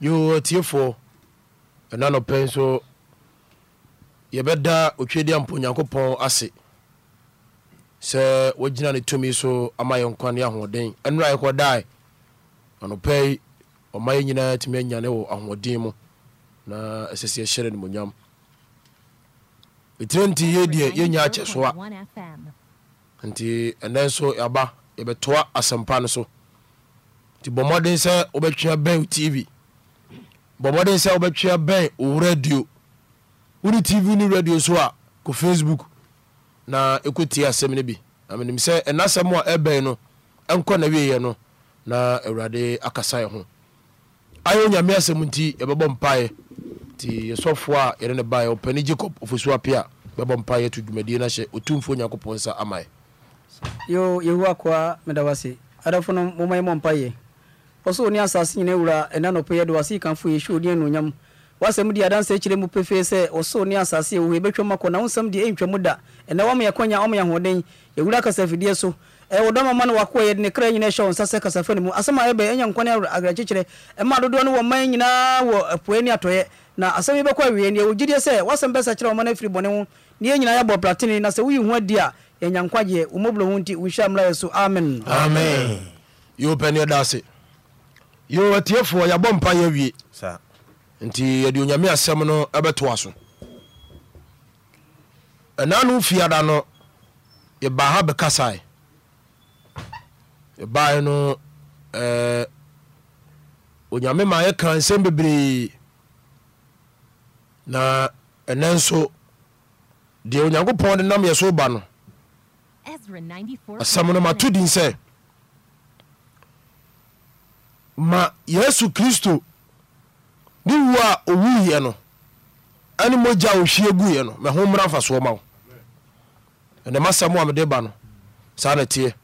atiefoɔ ɛna nɔpɛ nso yɛbɛda otwadiɛ mpo onyankopɔn ase sɛ wagyina ne tumi so ama yɛ nkwa ne ahoɔden ɛnora yɛkɔdae anɔpɛ yi ɔma yɛ nyinaa tumi anyane wɔ ahoɔden mu na ɛsɛ sɛ yɛhyɛrɛ nomonyam ɛtire nti yɛ deɛ yɛnya akyɛ so a nti ɛnɛ nso yɛaba yɛbɛtoa asɛmpa no so nti bɔ mmɔden sɛ wobɛtwea bɛn tv bɔmmɔden sɛ wobɛtwea bɛn wo radio wone tv ne radio so a ah, kɔ facebook na ɛkɔtie ah, asɛm no bi amenim sɛ ɛnasɛm a ɛbɛn no ɛnkɔ na wieɛ no na awurade akasa ɛ ho ayɛ onyame asɛm nti yɛbɛbɔ mpaeɛ eh. nti yɛsɔfoɔ a yɛne ne baeɛ ɔpɛne jacob ɔfosuo ape a bɛbɔ mpaeɛ to dwumadie no hyɛ ɔtumfoɔ onyankopɔn nsa amaɛ yo koa meda adafo no momma yɛmmɔ mpayɛ ɔsɛ ɔne asase nyina wura ɛna nɔpɛ asi wase yeshu ni ɔne anuonyam wasɛm deɛ adansa kyerɛ mu pefe se oso ni asasi ɛwɔ hɔ yɛbɛtwam akɔ na wonsɛm deɛ ɛntwa Ena da ɛnɛ wɔma yɛkwanya ɔma yɛhoɔden yɛwura kasafideɛ so ɛwɔ dɔma ma no wakoa yɛde ne kra nyina hyɛ wo nsa sɛ kasafa no mu asɛm a ɛbɛ ɛnya nkwane awerɛkyekyerɛ ɛma dodoɔ no wɔ man nyinaa wɔ apuɛ ne atɔeɛ na asɛm yi kwa awie neɛ wɔgyideɛ sɛ wasɛm bɛsa kyerɛ ɔma no afiri bɔne ho ne yɛ nyinaa na sɛ woyi ho adi a yɛnya nkwagyeɛ wo mmɔborɔ ho nti wonhyia mmra yɛ so amen amen Yo ne dasi. yɛwɔ atiefoɔ yɛabɔ mpa yɛ awie nti yɛde onyame asɛm no ɛbɛtoa so ɛna no fiada no yɛba ha bɛkasae yɛbae no eh, onyame ma yɛka nsɛm bebree na ɛnɛ nso deɛ onyankopɔn de nam yɛ so ba no asɛm no mato din sɛ ma yesu kristo ne wu a owuiɛ no ɛne mogya a ohwie guiɛ no mɛho mmra mfasoɔ ma wo ɛnɛ masɛm a mede ba no saa na teɛ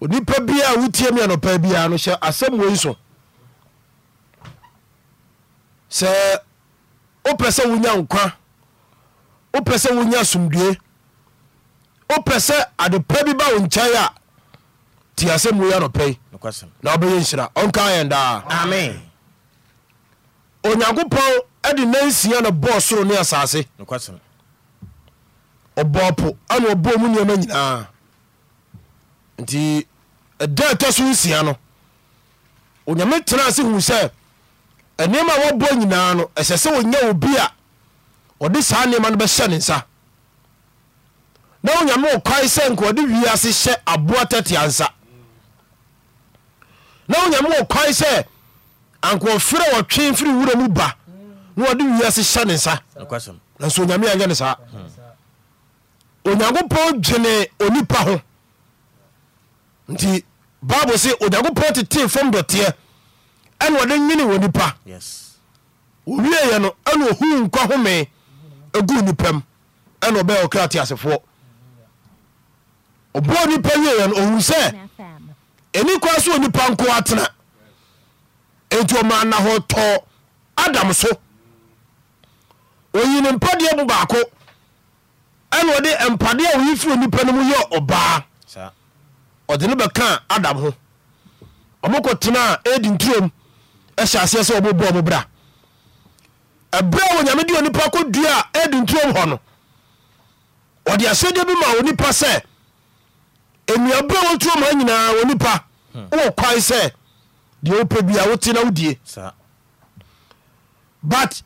onipa biaa wotie mi anɔpa biara no hyɛ asɛm wei so sɛ wopɛ sɛ wonya nkwa wopɛ sɛ wonya asomdue wopɛ sɛ adepa bi ba wo nkyɛe a nti asɛm wei anɔpɛi na wobɛyɛ nhyira ɔnka yɛn daa onyankopɔn de nansia na bɔɔ soro ne asase ɔbɔɔ po ana ɔbɔɔ mu nneɛma nyinaa nti ɛda ɛtɔ so nsia no onyame tena ase hu sɛ nneɛma a wɔbɔ nyinaa no ɛsɛ sɛ wɔnya obi a ɔde saa nneɛma no bɛhyɛ ne nsa na onyame ɔkwae sɛ nka ɔde wiase hyɛ aboa tɛtea nsa na wonyame wɔ kwan sɛ ankoɔfirɛ wɔtwe mfiri wura mu ba na wɔde wiase hyɛ ne nsa nanso onyame anyɛ ne saa onyankopɔn gyene onipa ho nti bible se onyankopɔn tetee fam dɔteɛ ɛne wɔde nwene wɔ nipa owieɛ no ɛne ɔhu nkwa home ɛgu nipam ɛne ɔbɛyɛ ɔkra te asefoɔ ɔboɔ nipa wieɛ no ɔhu sɛ ɛni koa so onipa nko atena enti ɔma na hɔ tɔɔ adam so oyine mpadeɛ bo baako ɛna ɔde mpadeɛ a oyi firi onipa no mu yɛ ɔbaa ɔde ne bɛkaa adam ho ɔmokɔtenaa ɛdi nturom ɛhyɛ aseɛ sɛ ɔmobɔɔ mo bra ɛberɛ a onyame de onipa kɔdua a ɛdi nturom hɔ no ɔde ahyɛdeɛ bi ma onipa sɛ enuabere wɔn tuo maa nyinaa wɔ nipa hmm. wɔ kwan sɛ deɛ wopɛ bi a wote na wodie but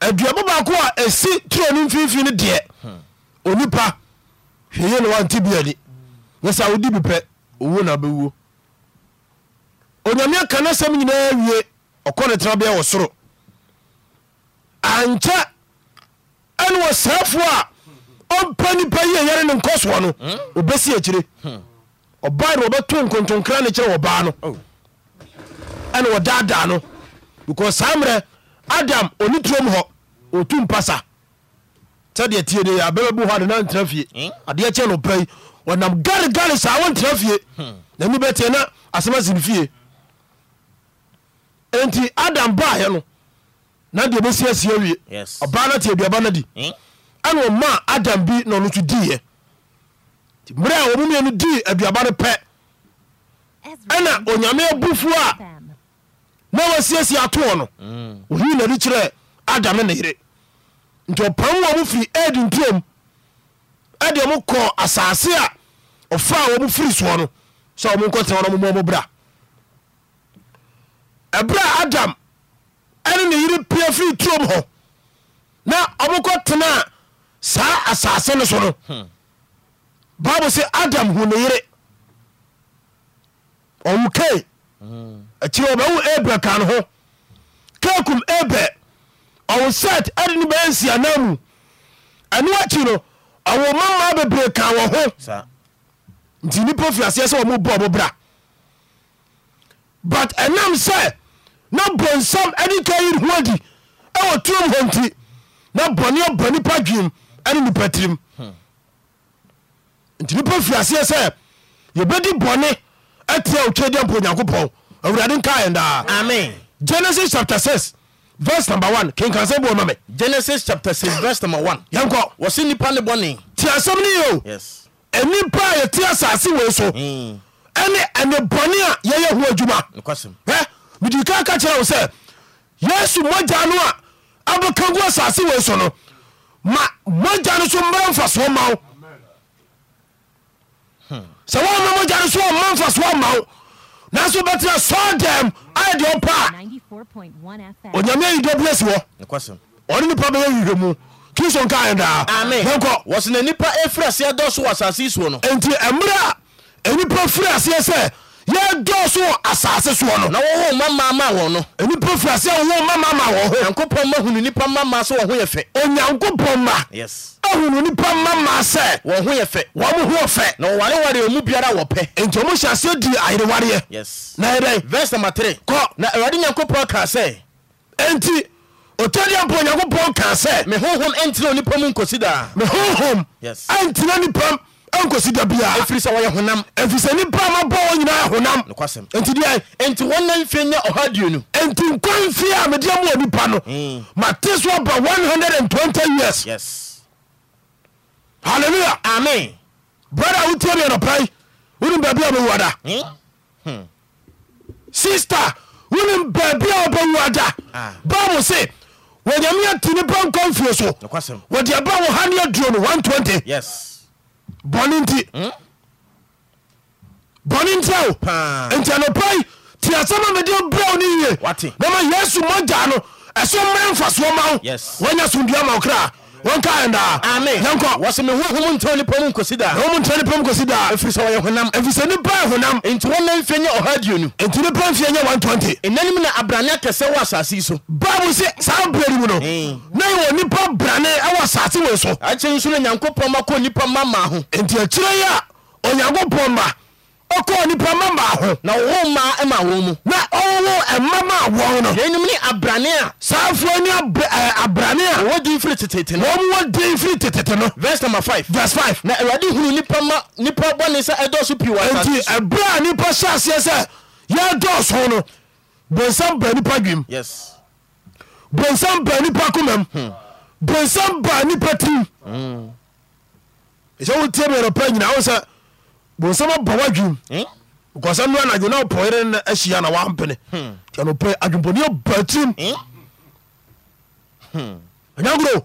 aduaba baako a ɛsi turo no mfimfini no deɛ hmm. onipa hwɛyɛ na wante bi ani nyɛ sɛ wodi bi pɛ owuo na bɛwuo onyame aka no asɛm nyinaa wie ɔkɔ ne tena bɛɛ wɔ soro ankyɛ ɛne wɔ saafoɔ a ɔmpa nipa yie yɛre ne nkɔsoɔ no hmm? obɛsi akyire hmm. ɔbaa no wɔbɛto nkontonkra no kyerɛ ɔbaa no oh. ɛne ɔdaadaa no because saa mmerɛ adam ɔne turom hɔ ɔtu mpasa sɛdeɛ tie ne abɛbɛbu hɔ ade na ntena fie hmm? adeɛ kyɛ no pɛi ɔnam garegare saa wɔntena fie nani bɛteɛ na asɛm asen fie enti adam baeɛ no na deɛ bɛsi asie awie ɔbaa no te aduaba no di ɛne ɔma adam bi na ɔno nso yɛ mmerɛ a mmienu dii aduaba no pɛ ɛna onyame abufuo a na wasiesie atoɔ no na mm. nani kyerɛ adam ne ne yere nti ɔpam wɔ mo firi ad ntuom ɛdeɛ mokɔɔ asase a ɔfaa wɔ mo firi soɔ no sɛ ɔmo nkɔtena wɔn ɔmo bra ɛbrɛ adam ɛne ne yere pia firi turom hɔ na ɔmo kɔ tena a saa asase no so no bible sɛ adam hu ne yere ɔwo ke akyiri ɔbɛwo abel ka no ho kakum abel ɔwo set ade ne bɛyɛ nsiana mu ɛno akyi no ɔwo mama bebree ka wɔ ho nti nnipa fi aseɛ sɛ ɔmo bɔ ɔmo bra but ɛnam sɛ na bɔnsam ade ka yi ho adi ɛwɔ tuom hɔ nti na bɔne ɔbɔ nipa dwem ɛne nipa tirim nti nipa fi sɛ yɛbɛdi bɔne atia otwadeɛ mpo onyankopɔn awurade nkaɛ daa amen genesis chapter 6 verse number one kenkan sɛ boɔ ma me genesis chapter six verse number one. yɛnkɔ wɔsi nipa ne bɔnni. ti asɛm ni yio. yes. enipa a yɛte asase wei so. Hmm. ɛne ɛne bɔnni a yɛyɛ ho adwuma. nkwasɛm. ɛ midi ka kyerɛ wo sɛ yesu mɔgya no a abokangu asase wei so no ma mogya no so mmra mfasoɔ ma wo sɛ wona mogya no so ɔma mfasoɔ ma wo nanso wobɛtena sɔ ayɛ deɛ ɔpaa onyame ayidɔ bi hɔ ɔne nipa bɛyɛ wihwɛ mu kristo nka yɛ daa wɔsena nipa ɛfiri aseɛ dɔ so wɔ asase yi soɔ no enti ɛmmerɛ a ɛnipa firi aseɛ sɛ ɛdɔɔso wɔ asase soɔ no na ma ma ma no ma ma ma ho hunu ma ma wɔn ho yɛ fɛ ahunu ma ma wɔn ho yɛ fɛ wɔn ho fɛ na wɔwareware ɔmu biara wɔpɛ nti ɔmo hyɛ aseɛ di ayerewareɛ na ɛdɛn verse number three kɔ na awurade nyankopɔn kaa sɛ enti otadiampo onyankopɔn kaa sɛ me honhom ɛntena onipa mu nkosi daa ɛnkosi da bia ɛfiri sɛ wɔyɛ honam ɛfiri sɛ nipa ma bɔ wɔ nyinaa honam nokwasɛm enti deɛ enti wɔna mfie nyɛ ɔha duonu enti nkwa mfie a mede ma wɔ nipa no hmm. mate so aba 120 years yes halleluya amen brada wotie me anɔpɛi wonim baabi a wobɛwua da sister wonim baabi a wobɛwua da ah. bible se wɔnyame ati nipa nkɔ mfie so wɔde aba wɔ ha ne aduo no 120 yes bɔne nti bɔne nti ao nti anɔpai ti asɛm a mede brɛw no ye na ma yesu mɔgya no ɛso mmerɛ mfasoɔ ma wo wanya somdua ma wo kraa wɔnkaɛndaa yɛnkɔ wɔsɛ me hohom ntɛ nipa mu nkosi daa hohom ntɛ ni mu nkosi daa ɛfiri sɛ wɔyɛ honam ɛfiri sɛ nipa yɛ honam nti wɔn mfe nyɛ ɔha aduonu nti nipa mfe nyɛ one twenty ɛnanim na abrane akɛsɛ wɔ asase yi so baabu sɛ saa brɛ ni mu no na wɔ nipa brane ɛwɔ asase wei so akyɛ nso no nyankopɔn ma kɔ nipa mama ho nti akyirɛ yi a onyankopɔn ma ɔkɔɔ nipa mama ho na wɔwo ma ɛma wɔn mu na ɔwɔwɔ ɛmama wɔn no yɛnum ne abrane a saafoɔ ne abrane a wɔwɔ din firi tetete no wɔn wɔ din firi tetete no verse number five verse five na awurade hunu nipa ma nipa bɔne sɛ ɛdɔɔso pii wɔ asase nti ɛbrɛ nipa hyɛ aseɛ sɛ yɛdɔɔso no bonsam ba nipa dwem yes bonsam ba nipa kumam hmm bonsam ba nipa tim ɛsɛ wotie meyɛrɛpa nyina wo sɛ bonsam aba woadwem kɔsɛ hmm? no anadwo na wopɔyere no ahyia na woampene hmm. nɔpɛ adwempɔne aba tim hmm? anyagoro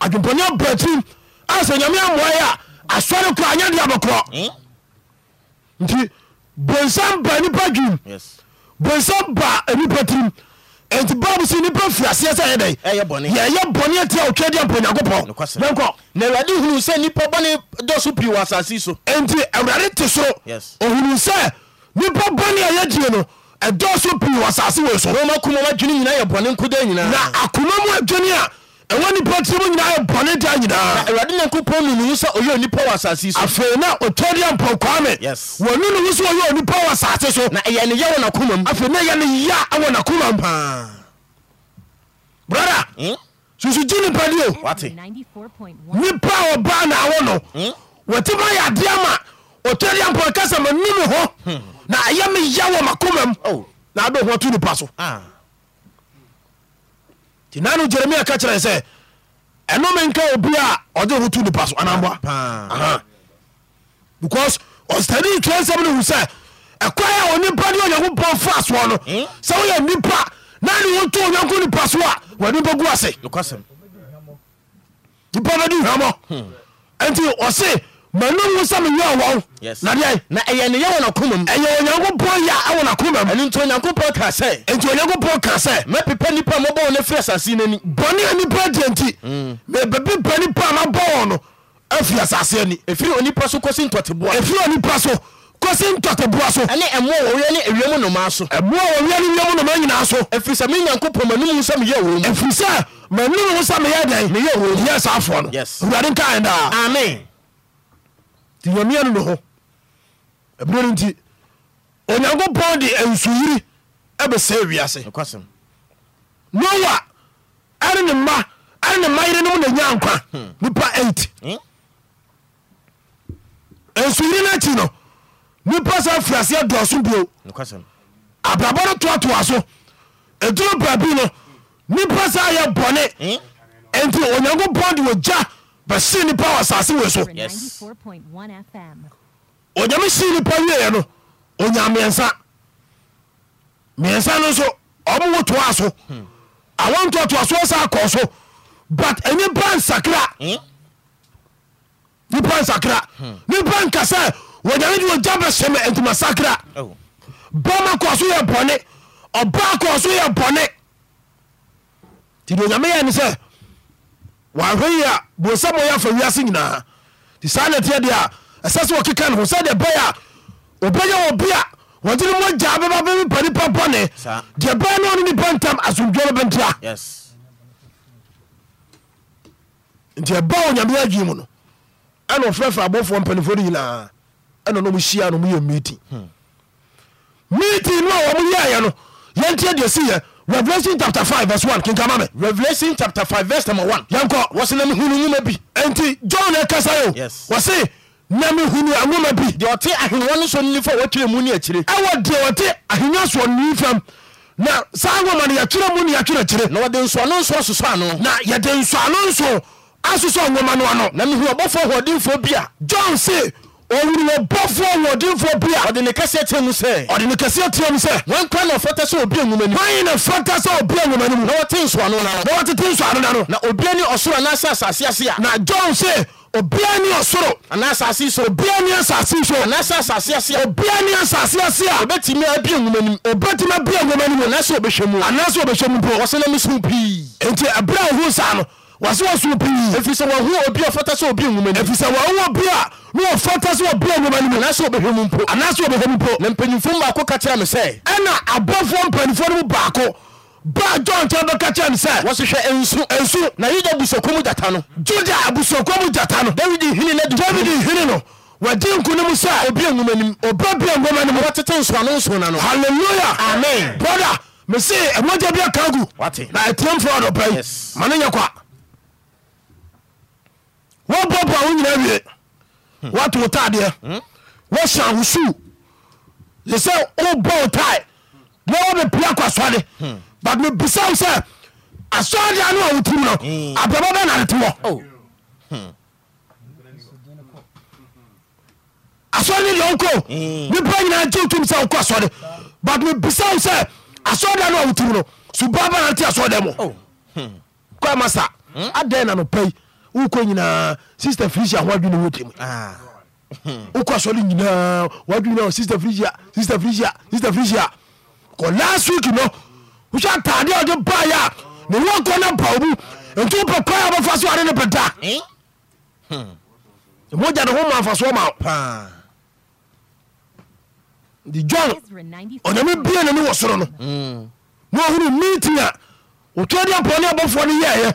adwempɔne aba tim a sɛ nyame amoaɛ a asɔre kora anyɛ de abɛkorɔ nti bonsam ba nipa dwem bonsam ba nipa tim nti bible sɛ nipa fiaseɛ sɛ yɛdɛ yɛyɛ bɔne ati a wotwadeɛ mpa onyankopɔn yɛnkɔ na awurade hunu sɛ nipa bɔne dɔ so pii wɔ asase so enti awurade te soro ɔhunu sɛ nipa bɔne a yɛgyie no ɛdɔ so pii wɔ asase wei so roma kumama dwene nyina yɛ bɔne nkoda nyinaa na akoma mu adwene a ɛwɔ nipa tiri mu nyinaa yɛ bɔne da nyinaa awurade nyankopɔn nunu wo sɛ onipa wɔ asase so afei na ɔtɔdeɛ mpɔ kwame Yes. wɔnu ne wo so onipa wɔ asase so na ɛyɛ ne yɛ wɔ nakoma mu afei na ɛyɛ ne ya awɔ nakoma m paa brada hmm? susu gye nipa de o wate nipa a ɔbaa na awɔ no hmm? wɔte ma yɛ adeɛ ma ɔtɔdeɛ mpɔ kasa ma nim ho hmm. na ɛyɛ me ya wɔ makoma m oh. na adɔ ho ato nipa so Ah nano jeremia ka kyerɛ sɛ ɛnome nka obi a ɔde roto nipa so anamboa because ɔsane tua nsɛm no hu sɛ ɛkwa a onipa ne onyankopɔn fa soɔ no hmm? sɛ woyɛ nipa na ne woto onyanko nipa so a wanipa gu ase nipa no de hwamɔ hmm. nti ɔse manu wu sɛ meyɛ wɔn nadeɛ na ɛyɛ ne yɛ wɔ nakomam ɛyɛ onyankopɔn yɛ awɔ nakomam ɛno nti onyankopɔn ka sɛ enti onyankopɔn mm. ka sɛ mɛpepa nipa a mɔbɔ wɔ no e afiri e asase no ani bɔne a nipa adiɛ nti mebɛpepa nipa a mabɔ wɔ no afiri asase ani ɛfiri onipa so kɔsi ntɔteboa ɛfiri e onipa so kɔsi ntɔteboa so ɛne ɛmoa wɔwia ne awiam nomaa so ɛmoa wɔwia ne wiam nomaa nyinaa so ɛfiri sɛ me nyankopɔn manom wu sɛ meyɛ mu ɛfiri sɛ manom wo sɛ meyɛ dɛn meyɛ wɔ mu yɛ saafoɔ no awurade nti nyameɛ no ne ho ɛbino no nti onyankopɔn de ansuwiri ɛbɛsɛe wiase noa ɛne ne ma ɛne ne ma yere nom na nya nkwa hmm. nipa 8 ansuwiri hmm? no akyi no nipa sa afiriaseɛ dɔɔso bio abrabɔ no toatoa so ɛduro baabi no nipa sa yɛ bɔne hmm? nti onyankopɔn de wɔgya bɛsee nnipa wɔ asase wei so onyame see nnipa wieɛ no onya mmiɛnsa mmiɛnsa no nso ɔmowɔ toaa so hmm. awontoatoasoɔ sa kɔɔ so but ɛnyɛ bra nsakra nipa hmm? nsakra nipa hmm. nka sɛ wɔnyame de wɔgya bɛhyɛma antuma sakra oh. bama kɔɔ so yɛ bɔne ɔba kɔɔ so yɛ bɔne nti de onyame yɛ ne sɛ wheyia bosamyɛ afa wiase nyinaa t sa neteɛdeɛa sɛsewo keka nhsɛ tmyapnnnnmn yet dese revelation chapter five verse one kinkama mi. revelation chapter five verse number one. yẹn kọ wọ́n sinamu hunu nwoma bi. nti john ẹ kasa yio. yes wọ́n sẹ́ nami hunu nwoma bi. deɛ ɔte ahengua no so nifa wɔtwerɛ mu ni akyire. ɛwɔ deɛ ɔte ahengua so nifam na saa nwoma no yɛtwerɛ mu ni yɛtwerɛ akyire. na wɔde nsɔano nsɔ asosɔ ano. na yɛde nsɔano nsɔ asosɔ nwoma no ano. na mihu ɔbɔfo ɔhoɔdenfoɔ bi john sɛ owuruyɛ bɔfoɔ wɔdenfoɔ bi a ɔde ne kɛseɛ teɛ mu sɛ ɔde ne kɛseɛ teɛ mu sɛ wɔn kwan na fɛtɛ sɛ obi anwuma ni wɔn na fɛtɛ sɛ obi anwuma mu na wɔte nsoano na na wɔtete nsoano na no na obi ani ɔsoro anaasɛ asase ase a na John sɛ obia ni ɔsoro ana asase so obia ni asase so ana asase ase obia ni asase ase a obetumi abi nwoma nim obetumi abi nwoma nim ana so obehwɛ mu ana so obehwɛ mu po ɔsɛ na misu pii enti abira ohun saa wàásù wàásù pii. efisɛ wahu obi a ɔfata sɛ obi nwoma ni. efisɛ wahu obi a ne ɔfata sɛ obi nwoma ni mu. anaasɛ ɔbɛhwɛ mu mpo. anaasɛ ɔbɛhwɛ mu mpo. na mpanyinfo baako ka kyerɛ mi sɛ. ɛna abɔfoɔ mpanyinfo no mu baako baa john kyɛn bɛka kyerɛ mi sɛ. wɔsihwɛ nsu. nsu na yuda abusuakuo mu jata no. juda abusuakuo mu jata no. david hini na dugu. david hini no wɔgye nkonim sɛ. obi nwoma ni obi ɔbɛ bi nwoma ni mu. wɔtete nsonano nsonano. hallelujah amen. brother mesi ɛmɔgya bi aka gu. wate na ɛtiɛmfo adɔpɛ yi. Yes. ne nyɛ kwa wɔbɔbɔ wo nyina wie woato wo tadeɛ wɔsa wo suu ye sɛ wobɔ wo tae deɛ wobɛpia kɔ asɔde hmm. but mebisa wo sɛ asɔdeɛ no a wotim no abrabɔ bɛ nane te wɔ oh. hmm. asɔde deɛ wokɔ hmm. nipa nyinaa gye wotum sɛ wokɔ asɔde but mebisa wo sɛ asɔdeɛ no a wotim no suba bɛ nante asɔde mu oh. kɔ ma sa adɛn na no pɛi wokɔ nyinaa sister felicia ho adwene wo temu ah. wokɔ asɔre nyinaa wadwene sister felicia sister felicia sister felicia kɔ last week no wohyɛ atade a ɔde baeɛ a ne wɔkɔ no paw mu nti wopɛ kɔɛ a bɛfa so ade ne pɛda eh? hmm. mogya ne ho ma mfasoɔ ma de john ɔnyame bie ne ne wɔ soro no hmm. na ɔhunu meeting a ɔtwa de apɔne abɔfoɔ no yɛɛyɛ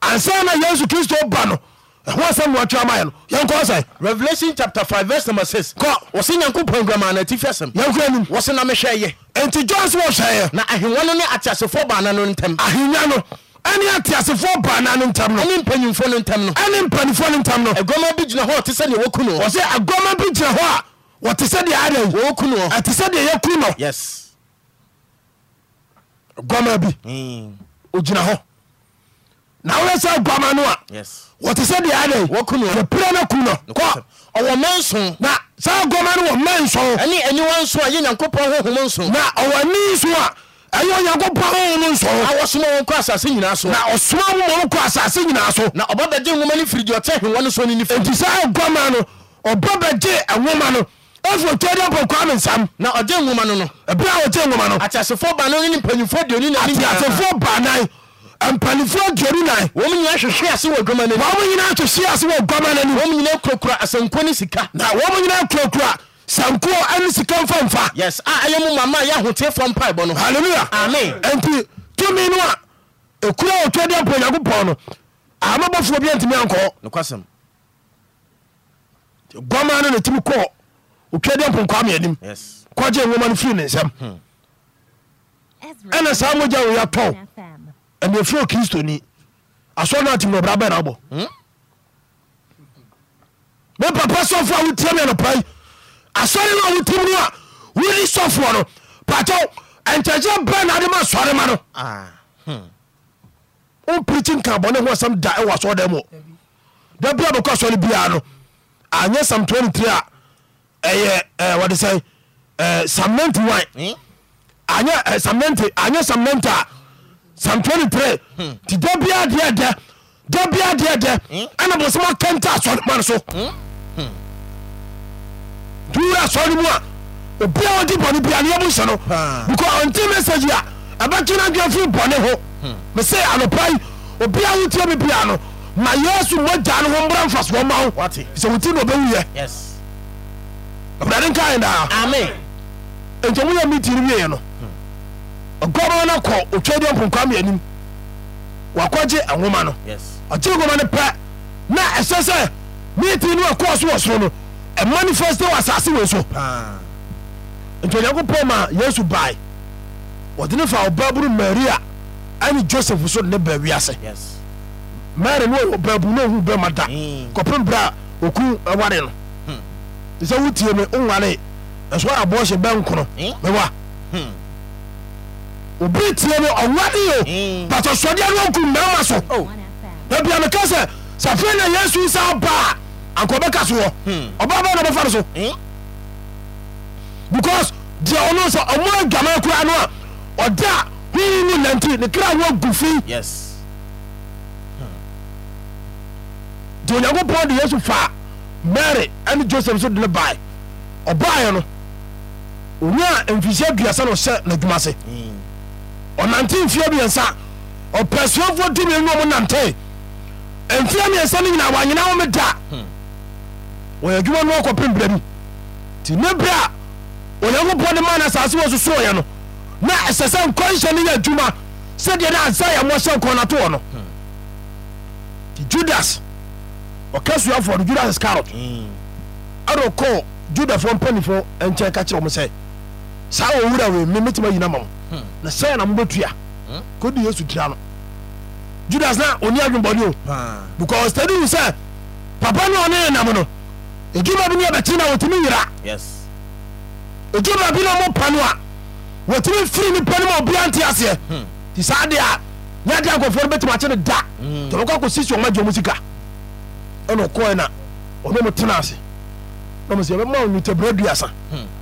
ansa na yesu kristo ba no ɛho asɛm na watwerɛ maɛ no yɛnkɔ sɛ revelation chapter 5 verse number 6 kɔ wɔse nyankopɔn adwamaa no atifi asɛm yɛnkɔ anim wɔse na mehwɛɛyɛ enti john so wɔhwɛeɛ na ahengua no ne ateasefoɔ baana no ntɛm ahenya no ɛne ateasefoɔ baana no ntam no ɛne mpanyimfoɔ no ntam no ɛne mpanimfoɔ no ntam no aguama bi gyina hɔ ɔte sɛdeɛ wɔku no ɔsɛ aguama bi gyina hɔ a wɔte sɛdeɛ ada wɔku no ɛte sɛdeɛ yɛku no yes aguama bi hmm. ogyina hɔ na woyɛ sɛ guama no a wɔte sɛ deɛ adɛ wɔpira no ku no kɔ ɔwɔ ma nso na saa guama no wɔ ma nso ɛne aniwa nso a yɛ nyankopɔn honhom nso na ɔwɔ ani nso a ɛyɛ onyankopɔn honhom no nso na wɔsoma wɔn kɔ asase nyinaa so na ɔsoma wɔn kɔ asase nyinaa so na ɔbɛbɛgye nwoma no firi deɛ ɔkyɛ ahengua no so no nifa enti saa guama no ɔbɛbɛgye nwoma no ɛfo twɛ dɛ pɔ kwame nsam na ɔgye nwoma no no ɛberɛ a ɔgye nwoma no ateasefoɔ baanan ne mpanyimfoɔ aduonu na ateasefoɔ baanan mpanimfoɔ aduonu nan. wɔn nyinaa hwehwɛ ase wɔ dwuma n'anim. wɔn nyinaa hwehwɛ ase wɔ dwuma n'anim. wɔn nyinaa kurakura asankuo ne sika. na wɔn nyinaa kurakura sankuo ɛne sika nfɛnfa. yes a ɛyɛ mu mama yɛ ahotefoɔ mpa ɛbɔ hallelujah amen. nti tumi no a ekura otu ɛdi apɔ nyago pɔn no amabɔfoɔ bi ntumi ankɔ. nukwasɛm. gɔmaa no na etimi kɔ otu ɛdi apɔ nkɔ amia nim. yes. kɔgye nwoma no firi ne nsam. Hmm. ɛna saa mogya wo yɛ tɔw ɛnna efiri okristo ni asɔrɔ ati mu ɔbɛrɛ abɛn na bɔ mo papa sɔfo a wotia mi ɛnɔpa yi asɔre no oh, a wotim no a woni sɔfoɔ no patɛ ɛnkyɛkyɛ brɛ na ade ma sɔre ma no wompirikyi nka bɔne ho asɛm da ɛwɔ asɔre dɛ mu da bia bɛkɔ asɔre biara no anyɛ sam 23 a ɛyɛ wɔde sɛ sam 91 anyɛ sam 90 anyɛ sam 90 a psalm 23 nti da bia deɛ dɛ da bia deɛ dɛ ɛna hmm. bɔ sɛ mɔkɛnta asɔrema no so tuwura hmm. hmm. asɔre mu a obia wɔde bɔne bia ne yɛbo hyɛ no because ɔnte message a ɛbɛkyena adwa firi bɔne ho mesɛ anɔpa yi obia wotie me bia no ma yesu mogya no ho mmra mfa soɔ ma wo sɛ woti na ɔbɛwuyɛ awurade Amen. daa enti ɔmoyɛ meeting no wieɛ no ɔgɔbɔn no kɔ otwadeɛ mponkwam yɛ anim wakɔgye nwoma no ɔgye nwoma no pɛ na ɛsɛ sɛ meeting no ɛkɔɔ so wɔ soro no ɛmanifesto wɔ asase wɔ so ah. nti onyankopɔn ma yesu bae wɔde ne fa ɔbaaburu maria ɛne joseph so ne baawi ase mary no ɔbaabu no ɔhu bɛma da hmm. kɔpem berɛ a ɔku ɛware no hmm. sɛ wotie me woware ɛso aboɔ hyɛ bɛnkono hmm. obi tie no ɔwade yo but ɔsɔdeɛ no ɔgu mmarima so na bia meka sɛ safei na yesu sa ba a so wɔ ɔbaa bɛɛ na ɔbɛfa no so because deɛ ɔno sɛ ɔmo adwama koraa no a ɔda hwii ne nanti ne kra wo agu fi nti onyankopɔn de yesu fa mary ɛne joseph so de ne bae ɔbaeɛ no ɔnya mfirihyia aduasa na ɔhyɛ n'adwuma se mm ɔnante mfeɛ mmiɛnsa ɔpɛ suafoɔ tumi ɛnu ɔmo nante mfeɛ mmiɛnsa no nyinaa wanyena wo me da wɔyɛ adwuma no wɔkɔpem brɛ mu nti ne berɛ a onyankopɔn de maa no asase wɔ susooyɛ no na ɛsɛ sɛ nkɔnhyɛ no yɛ adwuma sɛdeɛ ne ansa yɛ mmɔhyɛ nkɔnatoɔ no nti judas ɔka suafoɔ no judas iscariot ɛde ɔkɔɔ judafoɔ mpanifoɔ nkyɛn ka kyerɛ wɔm sɛ saa wɔwura wei memetumi ayina ma mo Hmm. na sɛn na mobɛtua hmm? kɔdi yesu tira no judas na ɔni adwembɔne o because tadi wu sɛ papa ne ɔne nam no adwuma bi ne yɛbɛkye na wɔtumi yera adwuma bi na ɔmɔpa no a wɔtumi firi nipa no ma obia nte aseɛ hmm. nti saa de a nyade akɔfoɔ no bɛtumi akye no da tɔbɛkɔ akɔsi si ɔma gye ɔmu sika ɛna ɔkɔɛ na ɔne mo tena ase na mo sɛ yɛbɛma wo nwitabrɛ duasa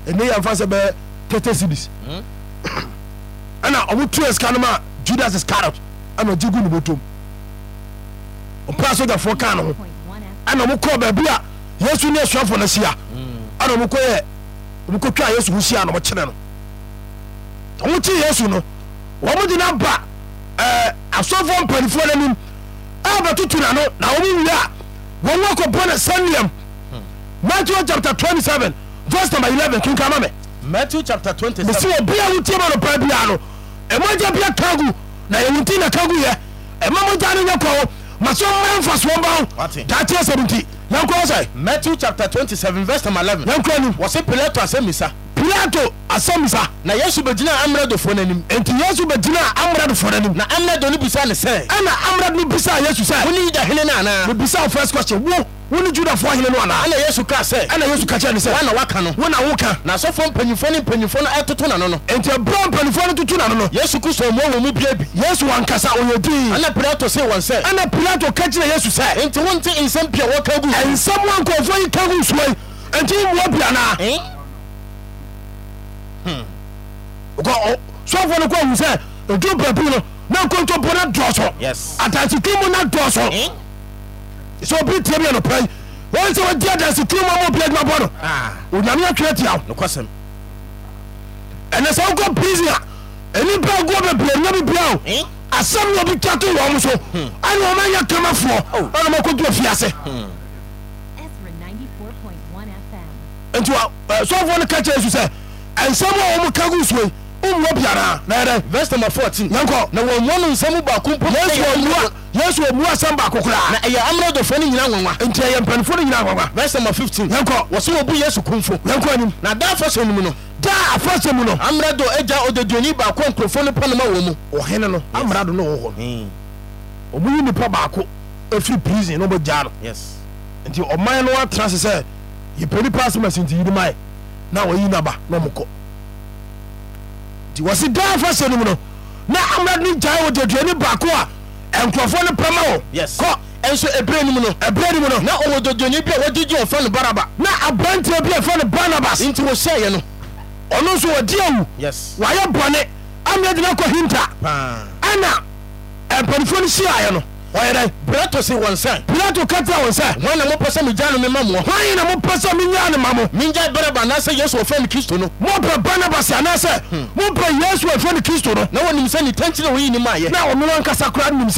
ɛnɛ yɛmfa sɛ bɛyɛ tɛtɛ cities ɛna ɔmo tu sika no ma judas iscariot ɛna ɔgye gu ne bɔtɔm ɔpaa sogyafoɔ kaa no ho ɛna ɔmo kɔɔ baabi a yesu ne asuafoɔ no ahyia ɛna ɔmo yɛ ɔmo twa yesu ho mm. hyia na ɔmo kyene no ɔmo kye yesu no eh, wɔn de no ɛɛ asɔfoɔ mpanimfoɔ n'anim a bɛtutu n'ano na wɔn wie a wɔn akɔ bɔ ne sanniam matthew chapter twenty seven verse number eleven kinkan ma mɛ. matthew chapter twenty seven. bisi obi a wotie ma no pa bi a no. ɛmɔgya bia ka na ɛwo na ka yɛ ɛma mogya no nyɛ kɔɔ ma mma mfa soɔ ba wo nti yɛnkɔ sɛ matthew chapter 27 verse 11 yɛnkɔ anim wɔ se pilato asɛmmisa pilato asɛmmisa na yesu bɛgyinaa amradofoɔ no anim enti yesu bɛgyinaa amradofoɔ no anim na amrado no bisa ne sɛ ɛna amrado no bisaa yesu sɛ wone yuda hene no anaa mebisaa first question wo wone judafoɔ hene no anaa ɛna yesu ka sɛ ɛna yesu ka kyerɛ ne sɛ wana waka no wona woka na asɔfoɔ mpanyimfoɔ ne mpanyimfoɔ no ɛtoto nano no enti ɛbrɛ mpanyimfoɔ no toto nano no yesu kristo mu wɔ mu bia bi yesu wankasa ɔyɛ din ɛna pilato se wɔn sɛ ɛna pilato ka kyerɛ yesu sɛ enti wonte nsɛm pia wɔka gu ɛnsɛm wa nkurɔfoɔ yi ka gu yi enti mmoa bi anaa sɔfoɔ no kɔ hu sɛ ɛdu baabi no na nkontompo no dɔɔ so atansekumu no sɛ obi tie mi anɔpɛ yi wɔn sɛ wɔdi adansi turu ma mo bi adwuma bɔ no onyame atwerɛ tia wo ɛnɛ sɛ wokɔ prison a anipa agoɔ bebree nya bibia o asɛm na obi tato wɔn so ane wɔn anya kamafoɔ ɔna wɔn akɔdua fiase nti sɔfoɔ no ka kyerɛ su sɛ ɛnsɛm a wɔn ka gu suo yi wɔn mu wɔ biara na yɛrɛ verse number fourteen yankɔ na wɔn mu no nsɛm baako mpo yɛn sɔ nwura yesu omu asɛm baako koraa na ɛyɛ amradofoɔ no nyina nwanwa nti ɛyɛ mpanimfoɔ no nyina nwanwa verse number fifteen yɛnkɔ wɔsɛ wɔbu yesu kumfo yɛnkɔ anim na da afɔsɛ no mu no da afɔsɛ mu no amrado agya odeduani baako nkurɔfoɔ no panoma wɔ mu ɔhene no amrado no wɔ hɔ no hmm. ɔmuyi nipa baako ɛfiri prison na ɔbɛgyaa no nti ɔman no atena se sɛ yɛpɛ nipa asɛm asi nti yidimae na wɔyi naba na ɔmokɔ nti wɔse da afɔsɛ no mu no na amrado no gyae odeduani baako a nkurɔfoɔ no pɛma wɔ ɛnso ebire nimu no. ebire nimu no. na ɔwɔ dodoni bi a wɔgyegye wɔn no baraba. na aberanteɛ bi a fɛn no barnabas. nti wɔ sɛ yɛ no. ɔno nso wɔ di awu. yes wɔayɛ bɔnne amina gyina kɔ hinta. ɛna mpanyinfoɔ no si no ɔyɛ dɛ pilato si wɔn sɛ. pilato ka tẹ wɔn sɛ. wọn na mo pɛ sɛ mi jaa no mi ma mo. wọn na mo pɛ sɛ mi nyaa no ma mo. mi jaa bɛrɛ ba anase yesu ofɛn ni kristo no. mo pɛ barnabas anase. Hmm. mo pɛ yesu ofɛn ni kristo no. na wɔn nim sɛ ni tɛnkyɛn oyin ni maa yɛ. na ɔmo na nkasa kura nim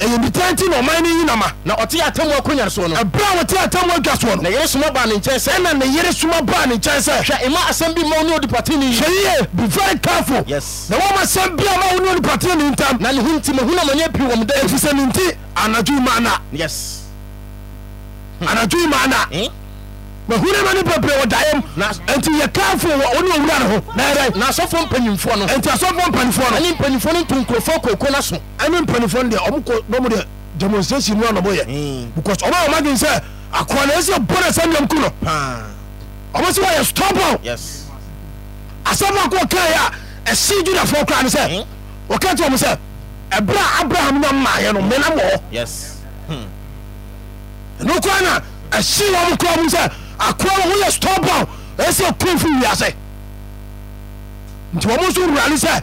ɛyɛ bitɛn ti na ɔman no yi nama na ɔte atamu akonya soɔ no ɛberɛ a wɔte atamu adwa soɔ no na yere soma baa ne nkyɛn sɛ ɛna ne yere soma baa ne nkyɛn sɛ hwɛ ɛma asɛm bi ma wo ne odipatini yi hwɛ yie be very careful yes na wɔma asɛm bi a ma wo ne odipatini ntam na ne ho nti mahu na manyɛ pii wɔm dɛ ɛfisɛ ne nti anadwo ma na yes anadwo ma na eh? mahune ma ne bebree wɔ daeɛm nti yɛkafo wo ne owura ne ho nɛdɛ na asɔfoɔ mpanyimfoɔ no nti asɔfoɔ mpanimfoɔ no ɛne mpanyimfoɔ no nto nkurɔfoɔ kooko so ɛne mpanyimfoɔ no deɛ ɔmkɔ dɔm deɛ demonstration mu anɔbɔ yɛ hmm. because ɔma ɔma dwen sɛ akoa na ɛsɛ bɔne sɛ nneam ku no ɔmo sɛ wɔyɛ stɔbɔ asɛm a kɔ kaeɛ a ɛse judafoɔ koraa ne sɛ wɔka hmm. kyerɛ mo sɛ ɛberɛ a abraham no maayɛ no menam wɔ hɔ ɛno koraa na ɛhye wɔ mu sɛ akoa wo yɛ stɔbɔn ɛsɛ ɛkum fi wiase nti wɔn nso ni sɛ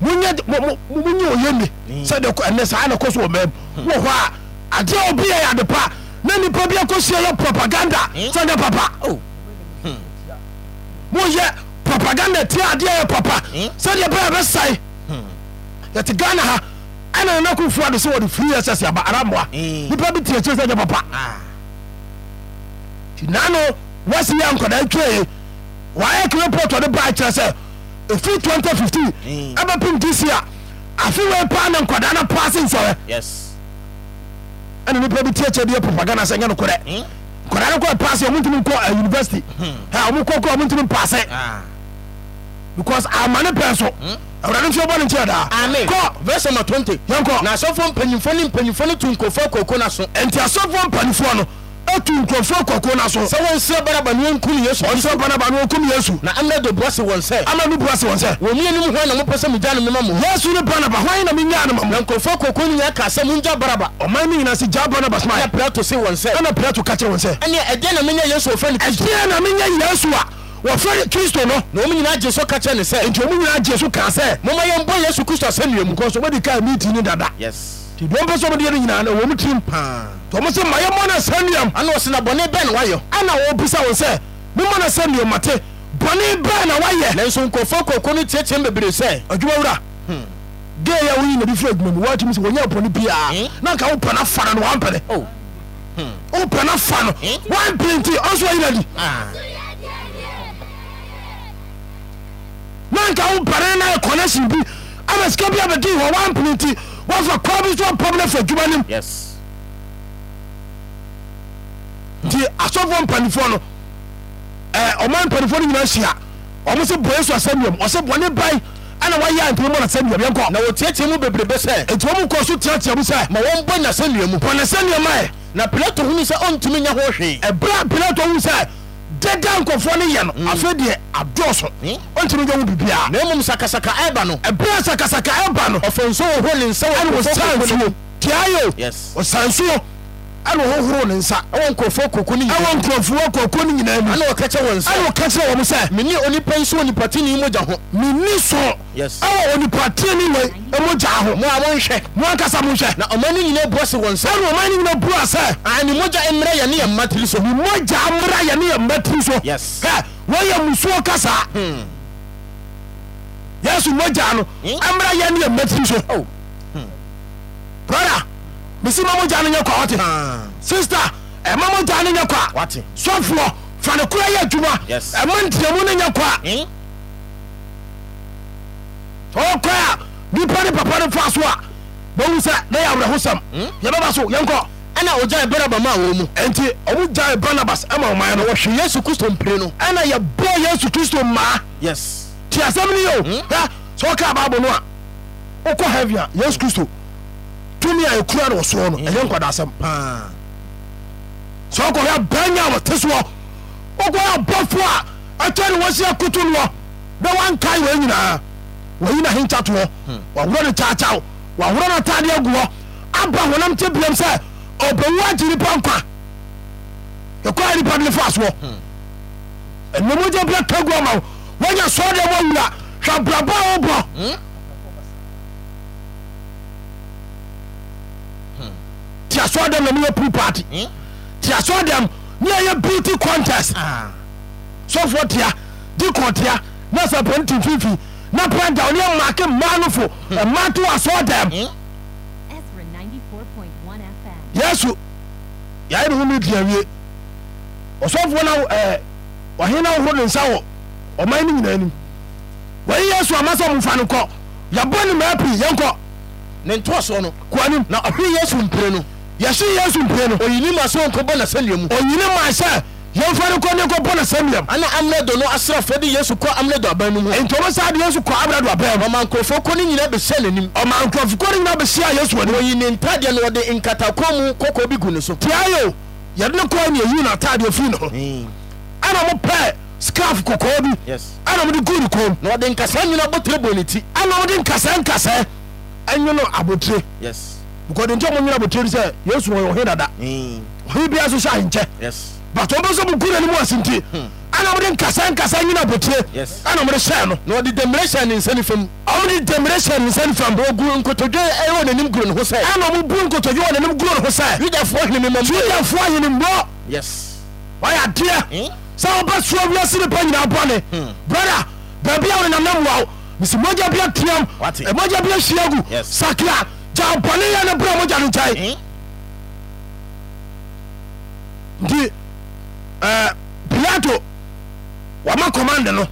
munyɛ munyɛ oyɛ ni sɛ de ko ɛnɛ saa na kɔ so wɔ mɛm wɔ hɔ a adeɛ obi yɛ yade pa na nipa bi akɔsie yɛ propaganda sɛ ne papa oh. mo yɛ propaganda ti adeɛ yɛ papa hmm. sɛdeɛ bɛyɛ bɛ sae hmm. yɛte ghana ha ɛna nana ko fua de sɛ wɔde firi yɛ sɛ sɛ aba ara mmoa hmm. nipa bi tie kyerɛ sɛ yɛ papa. Ah nano wasi yɛ nkɔda twɛ wayɛ kiri pɔtɔ de ba kyerɛ sɛ efi twenty fifteen ɛbɛ mm. pin dc a afiwɛ paa ne nkɔda na paase nsɛwɛ ɛna nipa bi tiɛ kyɛ bi yɛ propaganda sɛ nyɛ no korɛ mm. nkɔda no kɔ paase ɔmo ntumi nkɔ eh, university ɛ ɔmo kɔ kɔ ɔmo ntumi paase ah. because amane pɛ so hmm. awurade nso bɔ ne nkyɛn daa. ami kɔ verse number twenty. yankɔ na asɔfo mpanyinfo ni mpanyinfo ni tu nkɔfɔ koko na so. nti asɔfo mpanyinfo no ɛtu nkurɔfoɔ kɔkɔɔ na so. sɛ wɔn sɛ baraba ni wɔn kun yesu. wɔn sɛ baraba ni wɔn kun yesu. na an lado buwase wɔn sɛ. an lado buwase wɔn sɛ. wɔn mienu mu hɔn na mo pɛsɛ mu jaanu mi mo. yesu ni baraba hɔn na mi nya anam mo. na nkurɔfoɔ kɔkɔɔ ni yɛ kasa mu n ja baraba. ɔman mi nyinaa si ja baraba suma yɛ. ɛna pilato se wɔn sɛ. ɛna pilato kakyɛ wɔn sɛ. ɛni ɛdiɛ na mi yesu ofɛn ni kristo. ɛdiɛ na mi yesu a wɔfrɛ kristo no na ɔmu nyinaa gye so ka kyerɛ ne sɛ nti ɔmu nyinaa gye so kaa sɛ momma yɛmbɔ yesu kristo asɛnnuamu kɔ so wode kaa meeti ne dada yes wɔn pɛ sɛ wɔn de yɛ no nyinaa wɔn tirim paa tɔn mo sɛ mayɛ mɔ na sɛ nnuam ana wɔsi na bɔnne bɛn na wayɛ ana wɔn pisa wɔn sɛ mo mɔ na sɛ nnuam mate bɔnne bɛn na wayɛ nanso nkurɔfoɔ kɔkɔ no tiɛtiɛ bebree sɛ adwuma wura gay yɛ wɔyi na bi fira adwuma mu wɔn atum sɛ wɔn nyɛ bɔnne biara na nka wɔpɛ na fa no wɔn pɛ dɛ wɔpɛ fa no wɔn pɛ nti ɔnso wɔyi na di na nka wɔpɛ na kɔnɛsin afa kwa bi so apam no afa eh, adwuma nim nti asɔfoɔ mpanifoɔ no ɔma mpanifoɔ no nyinaa hyia ɔmo sɛ bɔyɛ so asɛnnuam ɔsɛ bɔne bae ɛna wayɛ a ntimi bɔ nasɛnnuam yɛnkɔ na wɔtiatia mu bebrebe sɛ ɛnti ɔmo kɔ so teatea mu sɛ ma wɔmbɔ nasɛnnua bɔ nasɛnnuam ayɛ na pilato hunu sɛ ɔntumi nya ho hwee ɛberɛ a pilato hu sɛ deda nkɔfoɔ no yɛ no mm. afei deɛ adɔɔso mm. ɔntumi nyɛ wo biribiaa na mmom sakasaka ɛba no ɛberɛ sakasaka ɛba no ɔfɛnso wɔhɔ ne nsa wɔ ɛne wɔsa nsuo tiayɛ ɔsa nsuo ɛna ɔhohoro ne nsa ɛwɔ nkurɔfoɔ koko ne nyinaa ɛwɔ nkurɔfoɔ koko ne nyinaa mu ɛna ɔka kyerɛ wɔn nsa ɛna ɔka kyerɛ wɔn sɛ mene onipa nso onipa tini mogya ho mene sɔ ɛwɔ onipa tini wɔ mogya ho mo a monhwɛ mo ankasa monhwɛ na ɔma no nyinaa bua se wɔn nsa ɛna ɔma no nyinaa bua sɛ a ne mogya mmerɛ yɛ ne yɛ mma tiri so ne mogya mmerɛ yɛ ne yɛ mma tiri so hɛ wɔyɛ musuo kasa hmm. yɛsu mogya no mmerɛ yɛ ne yɛ mma tiri so oh. hmm. brother mesi mogya no nyɛ kwa wate sister ɛma mogya no nyɛ kwa sɔfoɔ fa kora yɛ adwuma ɛma ntiamu no nyɛ kwa ɔkɔ a nipa ne papa no fa so a bɛwu sɛ na yɛ awerɛhosɛm yɛbɛba so yɛnkɔ ɛna ɔgyae barabama a wɔ mu enti ɔmo gyae barnabas ɛma ɔman no wɔhwe yesu kristo mpire no ɛna yɛbɔ yesu kristo mmaa yes ti asɛm no hmm? sɛ ɔka bible no a wokɔ heavi yesu kristo tumi a ekura na ɔsoro no ɛyɛ nkwadasɛm paa sɛ ɔkɔ hɛ bɛnya a wɔte soɔ ɔkɔ hɛ abɔfo a ɛtɛ ne wɔsi akutu noɔ na wankae wɔn nyinaa wɔyi na hinta toɔ wɔahorɔ ne kyaakyaw wɔahorɔ ne ataadeɛ gu hɔ aba honam te biam sɛ ɔbɛwu agye nipa nkwa ɛkɔ a nipa de fa soɔ ɛnumogya bi aka gu ama wɔnyɛ sɔɔ deɛ wɔwura hwɛ abrabɔ a wɔbɔ ti aso dɛm na ne yɛ pool party ti aso dɛm ne yɛ beauty contest ah. sɔfoɔ tia dikɔ tia na sɛ pɛn tuntun fi na pɛn da ne yɛ maake mmaa no fo mmaa to aso dɛm yɛsu yɛayɛ ne ho mi dua wie ɔsɔfoɔ na ɛɛ ɔhen na ɔhoro ne nsa wɔ ɔman no nyinaa anim wɔyi yɛsu amasa ɔmo fa no kɔ yɛbɔ ne mmaa ne ntɔsoɔ no kɔ anim na ɔhwe yɛsu mpire no yɛhye yesu mpie no ɔyini ma sɛ ɔnkɔbɔ nasɛneɛ mu ɔyini ma sɛ yɛmfa no kɔ ne kɔbɔ nasɛneɛ mu ana amledo no asrafoɔ de yesu kɔ amledo aban no mu enti ɔmo saa de yesu kɔ amledo aban mu ɔma nkurɔfoɔ kɔ ne nyinaa bɛhyɛ n'anim ɔma nkurɔfoɔ kɔ ne nyinaa bɛhyɛ a yesu anim ɔyi ne ntadeɛ no ɔde nkatakɔ mu kɔkɔɔ bi gu ne so tiayo yɛde ne kɔɔ ne ɛyi n'atadeɛ firi ne ho ana mo pɛɛ scarf kɔkɔɔ bi ana mo de gu ne kɔn na ɔde nkasa nyinaa bɔtire bɔ ne ti ana mo de nkasa nkasa ɛnwono abotire yes because nti ɔmo nyina bɔ tiri sɛ yesu wɔyɛ ɔhe dada ɔhe mm. bi aso sɛ ahenkyɛ but ɔmo sɛ mo gu n'anim ɔsi nti ana ɔmo de nkasa nkasa nyina bɔ tiri ana ɔmo de hyɛn no. na ɔde dɛmire hyɛn ne nsa nifa ɔmo de dɛmire hyɛn ne nsa nifa mu. ogu nkotodwe ɛwɔ n'anim guro ne ho sɛ. ana ɔmo bu nkotodwe wɔ n'anim guro ne ho sɛ. yudafoɔ ahenimɔ yudafoɔ ahenimɔ. yes. ɔyɛ adeɛ. sɛ ɔbɛ soɔ wiase nipa nyinaa bɔne brada baabi a wo nenam nam wow mesi mogya bia team eh, mogya bia hyia gu sakra gya bɔne yɛ ne berɛ mogya no gyae hmm? nti eh, pilato wama command no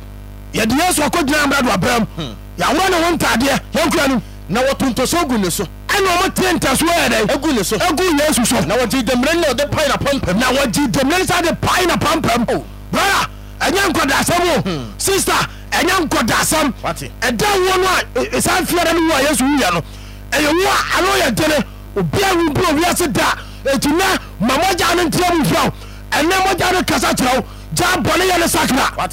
yɛde yesu akɔgyina mra do abrɛ m hmm. yɛaworɔ ne wo ntadeɛ yɛnkura no na wɔtontɔso gu ne so ɛna ɔmo tie ntaso yɛ dɛ egu ne so egu yesu so na wɔgye dɛmire na ɔde pae na pampam na wɔgye dɛmire sa de pae na pampam oh. brother ɛnyɛ nkɔdasɛm o hmm. sister ɛnyɛ nkɔdasɛm ɛda wo no a e, e, san fiara no wo a yesu wuyɛ no ɛyɛ wo a ano yɛ dene obia wu bi owiase da ɛti na ma mɔgya no nteɛ mu mfira wo ɛnɛ mɔgya no kasa kyerɛ wo gya bɔne yɛ ne sakra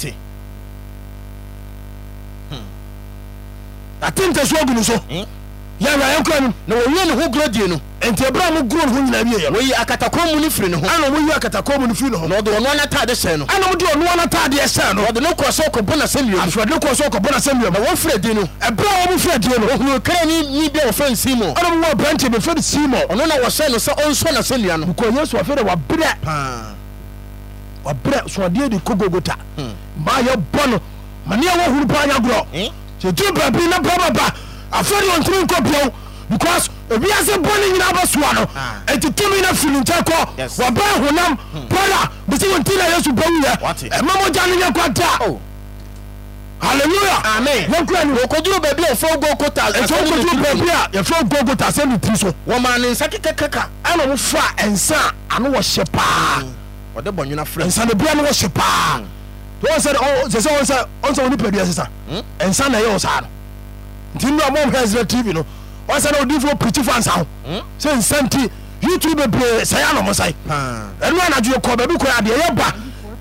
atente so agu nu so yɛwura yɛnkura no na wɔwie ne ho goro die no nti ɛberɛ a mogoro ne ho nyina wieɛ wɔyi akatakɔ mu no firi ne ho ana moyi akatakɔ mu no firi ne ho na ɔde ɔnoa no atade hyɛn no ana mode ɔnoa no atade hyɛn no ɔde ne kɔ sɛ ɔkɔbɔ na sɛmmiam afei ne kɔ sɛ ɔkɔbɔ na sɛmmiam na wɔmfrɛ din no ɛberɛ a wɔmfrɛ din no ɔhunu kra ni ni bi a wɔfrɛ no simon ana mowɔ aberanteɛ bɛfrɛ no simon ɔno na wɔhyɛ no sɛ ɔnsɔ na sɛnnua no bikɔ yesu afei dɛ wabrɛ wabrɛ sɔdeɛ de kɔ gogota ma no ma ne paa nyagorɔ sɛ tu baabi na brɛ baba afɔri ɔntumi nkɔ biawo because ewiase bɔne nyinaa bɛsoa no ɛnti ah. tumi no firi nkyɛ kɔ wɔbɛn honam hmm. brɔda bɛsi wo nti na yesu bɛwuyɛ ɛma eh, mogya no nyɛ kwa daa oh. hallelujah amen wọn kura ni. okoduro bẹẹbi ẹfọ gogota. ẹfọ okoduro bẹẹbi a ẹfọ gogota sẹni ti so. wọn maa ni nsa kekekeka ẹna wọn fa ẹnsa anu wọ hyẹ paa. Hmm. ọdẹ bọ nyina fẹrẹ. nsa ni bia ni wọ hyẹ paa. wọn sẹ ọ sẹsẹ wọn sẹ ọ nsọ wọn ni pẹbi ẹ sisan. ẹnsa hmm. na ẹ yẹ wọn sáà nti nnua mo hɛ ɛsrɛ tv no ɔsɛ na odiifo pirikyi fans aho sɛ nsɛm ti youtube bebree sɛyɛ anɔmɔ sɛe ɛnu anadwo yɛ kɔ baabi kɔ adeɛ yɛ ba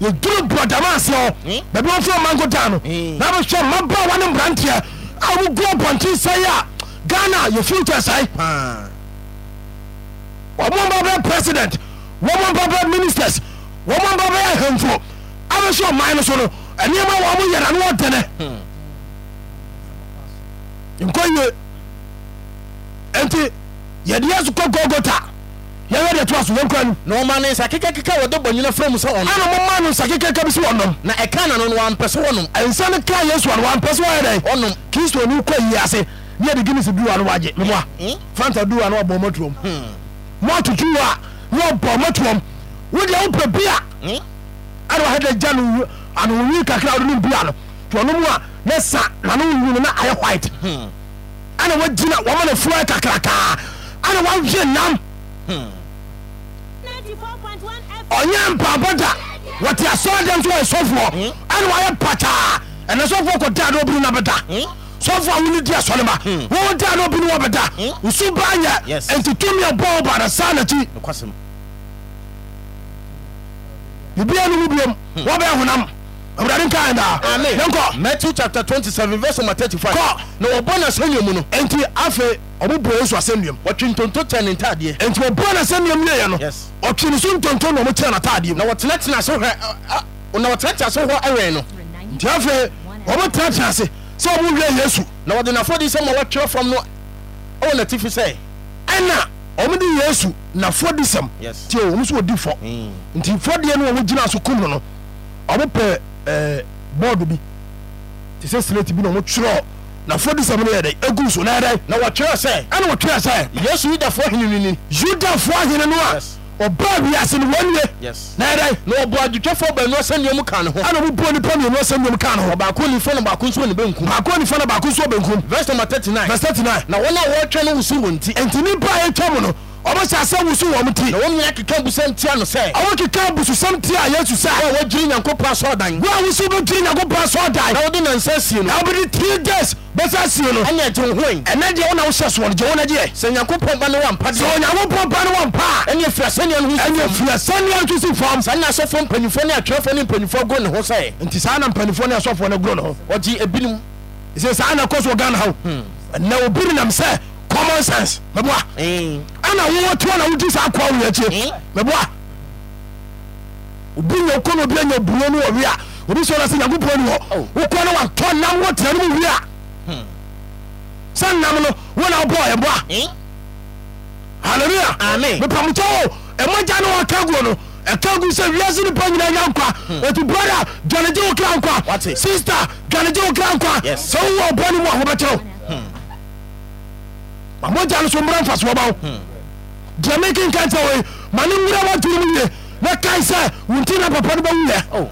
yɛduru brɔdama ase hɔ baabi wɔn fɛn mango dan no na bɛ sɛ mmabaawa ne mmeranteɛ a wɔn gu abɔnten sɛe a ghana yɛ future sɛe wɔn mba bɛ president wɔn mba bɛ ministers wɔn mba bɛ ahemfo abɛ sɛ ɔman no so no nneɛma hmm. wɔn yɛrɛ no wɔdɛnɛ nkɔyie nti yɛde yɛ so kɔ gogota yɛwɛ deɛ toa so yɛnkura no na ɔma ne nsa kekakeka wɔdɔ bɔnyina frɛ mu sɛ ɔno ana moma no nsa kekaka bi sɛ wɔnom na ɛka na no no wampɛ sɛ wɔnom ɛnsa no ka yesu ano wampɛ sɛ wɔyɛ dɛn ɔnom kristo ne kɔ yie ase ne yɛde guinness duwa no wagye hmm. memoa fanta duwa no wɔbɔ matuom moatotu hmm. a ne wɔbɔ matuom wodeɛ wopɛ bia ana hmm. wahɛdɛ gya no anowowi kakra wode no bia no tɔnom a ne sa nane wowuno na ayɛ white hmm. ana wagyina wɔma ne fuaɛ kakrakaa ana wawe nam hmm. ɔnyɛ mpabɔ da wɔte asɔre dɛm so wɔyɛ sɔfoɔ hmm. ana wayɛ pataa ɛnɛ sɔfoɔ kɔdaa ne obiri na bɛda sɔfoɔ a wone di asɔre ma wɔwɔ daa ne obiri wɔbɛda nsu baa nyɛ enti tumi a bɔɔ na saa n'akyi bibia no mu biom wɔbɛyɛ honam awurade nka yɛn daa amen nkɔ matthew chapter twenty seven verse number thirty five kɔ na wɔbɔ na sɛ nnuamu no enti afei ɔbɛbɔ yesu asɛ nnuamu wɔtwe ntonto kyɛ ne ntaadeɛ enti wɔbɔ na sɛ nnuamu yɛ yɛ no ɔtwe ne so ntonto na ɔmokyerɛ n'ataadeɛ mu na wɔtenatena so hɔ na wɔtenatena so hɔ ɛwɛn no nti afei wɔbɛtenatena ase sɛ ɔmowie yesu na wɔde n'afɔdi sɛ ma wɔtwerɛ fam no ɔwɔ n'atifi sɛ ɛna ɔmode yesu n'afɔdi sɛm nti ɔmo so wɔdi fɔ hmm. nti fɔdeɛ no wɔn gyina so kum no no ɔmo pɛ ɛɛ eh, bi te sɛ slate bi na wɔn twerɛ na fɔdisɛm no yɛ dɛ egu so na yɛ dɛ. na wɔtwerɛ sɛ. ɛna wɔtwerɛ sɛ. yesu yudafoɔ hinni ni. yudafoɔ hinni no a. yes ɔbaa wiase no wɔnie na ɛdɛ na ɔbɔ adwotwafoɔ baanu ɔsɛ nneɛm ka ne ho ana wobuo nipa mmienu ɔsɛ nneɛm ka ne ho baako nifa na baako nso ne benkum baako nifa na baako nso benkum verse number thirty nine verse thirty nine na wɔn a wɔretwɛ no wusu wɔn ti nti nipa a mu no ɔmo hyɛ asɛ wusu wɔn ti. na wɔn nyinaa keka busɛm tia no sɛ. ɔmo keka bususɛm tia yesu sɛ. wɔn a wɔgyiri nyankopɔ asɔɔdan. wɔn a wusu bɛ gyiri nyankopɔ asɔɔdan. na wɔde nansa sie no. na wɔde three days bɛsa sie no. ɛna ɛgyere ho yi. ɛna deɛ wɔn na wɔhyɛ soɔ no gye wɔn agyeɛ. sɛ nyankopɔ ba ne wɔn mpa. sɛ nyankopɔ ba ne wɔn mpa. ɛna efura sɛnea no ho si fam. ɛna efura sɛnea no si fam. sanni asɔfo mpanyinfoɔ ne atwerɛfoɔ ne mpanyinfoɔ go ne ho sɛ. nti saa na mpanyinfoɔ ne asɔfo ne go ne ho. ɔgye ebinom. sɛ saa na kɔ so ghana ha o. Hmm. na obi nam sɛ common sense. mɛboa ɛna wowɔ tewa na wogye saa koa woyɛkyi mɛboa hmm? obi nyɛ kɔ no obi anya buo no wɔ wie a obi sɛ ɔna sɛ nyankopɔn ni hɔ oh. wokɔ no watɔ nam wɔ tena no mu wie hmm. sɛ nam no wona wobɔɔ ɛboa hmm? halleluya mepamokyɛ o ɛmɔgya ne wɔka guo no ɛka sɛ wiase nipa nyina nya nkwa ɛti brada dwanegye wo kra nkwa sister dwanegye wo kra nkwa sɛ wowɔ ɔbɔne mu a wobɛkyerɛw mamɔgya no so mmra mfa soɔ deɛ mekenka kyɛ wei ma ne nwura woatoro mu wie na kae sɛ wo nti na papa no bɛwuyɛ oh.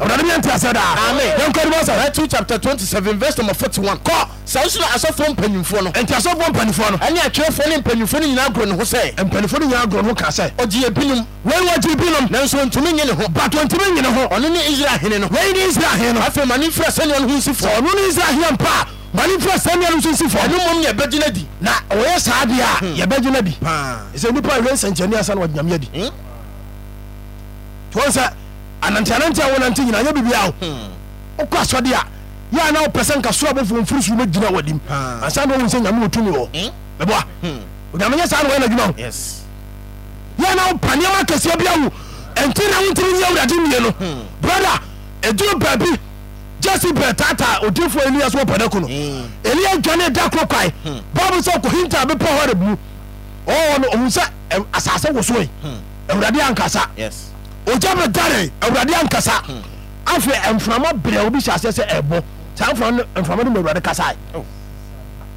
awurade bi ɛnte asɛ daa yɛnkɔ ne bɔsɛ matthew chapter twenty-seven, verse number 41 kɔ saa nso na asɔfoɔ mpanyimfoɔ no ɛnti asɔfoɔ mpanimfoɔ no ɛne atwerɛfoɔ ne mpanyimfoɔ no nyinaa agorɔ ne ho sɛ mpanimfoɔ no nyinaa agorɔ ne ho ka sɛ ɔgye ebinom wei wɔgye binom nanso ntumi nye ne ho but ɔntumi nye ne ho ɔno ne israel hene no wei ne israel hene no afei ma ne mfira sɛnea ɔno ho nsi fo ɔno ne israel hene mpa bɔne mfra sɛm yɛ no nso nsi fɔ ɛno mmom ne di na wɔyɛ saa deɛ a hmm. yɛbɛgyina di ɛsɛ nnipa a ɛhwɛ nsɛnkyɛne asa na wɔnyamyɛ di hmm. nti sɛ ananteanante a wonante nyina yɛ biribia wo hmm. wokɔ asɔde a yɛ a na wopɛ sɛ nka soro abɔfo mfiri soro bɛgyina wadim ansa na wɔhu sɛ nyame wɔtumi wɔ mɛboa onyame nyɛ saa na wɔyɛ n'adwuma ho yɛ na wopa nneɛma akɛseɛ bia wo ɛnti na wontimi nyɛ awurade mmie no brada ɛduro baabi Jesse, jezebel tata odinfo elias wɔ pɛdɛ ko hmm. elias dwane da koro kwae hmm. bible sɛ kɔhinta bepɔ hɔ rebu ɔwɔ no ɔhu sɛ asase wosoe hmm. awurade ankasa ogya bɛ dare awurade ankasa afei mframa berɛ obi hyɛ aseɛ sɛ ɛbɔ saa mframa no mu awurade kasae oh.